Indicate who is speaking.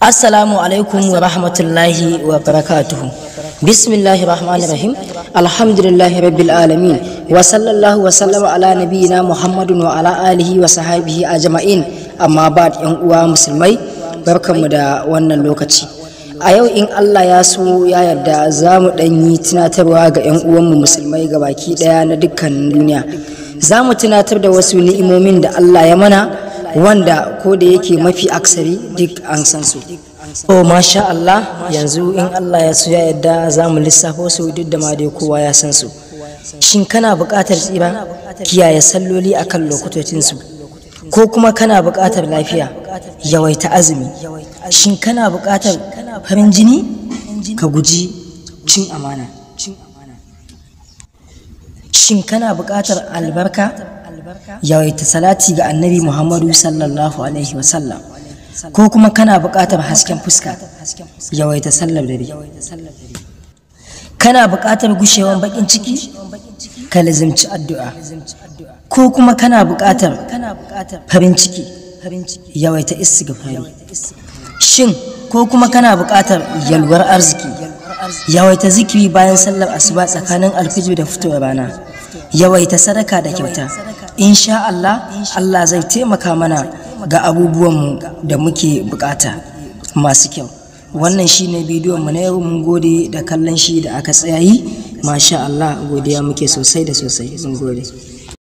Speaker 1: Assalamu alaikum wa rahmatullahi wa barakatuhu. Bismillahir Rahmanir Rahim. Alhamdulillahi Rabbil Alamin. Wa sallallahu wa sallama ala nabiyyina Muhammadin wa ala alihi wa sahabihi ajma'in. Amma ba'd yan uwa musulmai, barkanmu da wannan lokaci. A yau in Allah ya so ya yarda za mu dan yi tunatarwa ga yan uwanmu musulmai ga baki daya na dukkan duniya. Za mu tunatar da wasu ni'imomin da Allah ya mana wanda ko da yake mafi aksari duk an san su oh masha Allah yanzu in Allah ya suya ya yadda za mu lissafo su duk da ma dai kowa ya san su shin kana buƙatar tsiba kiyaye salloli akan su ko kuma kana buƙatar lafiya yawaita azumi shin kana buƙatar farin jini ka guji cin amana shin kana buƙatar albarka yawaita salati ga annabi muhammadu sallallahu alaihi wasallam ko kuma kana buƙatar hasken fuska yawaita sallar dare kana buƙatar gushewan baƙin ciki ka lazimci addu'a ko kuma kana buƙatar farin ciki yawaita istighfari shin ko kuma kana buƙatar yalwar arziki yawaita zikiri bayan sallar asuba tsakanin alfijir da fitowar rana yawaita sadaka da kyauta insha Allah Allah zai taimaka mana ga abubuwanmu da muke bukata masu kyau wannan shine bidiyon mu na yau mun gode da kallon shi da aka tsayayi masha Allah godiya muke sosai da sosai mun gode